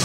Ah!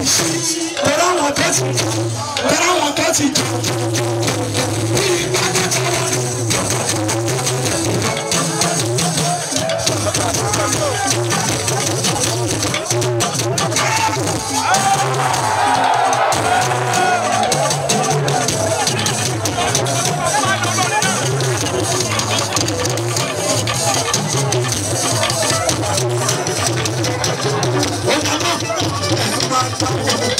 ti ṣe tẹ̀lé àwọn kan ti bí ìgbàdàn. Thank you.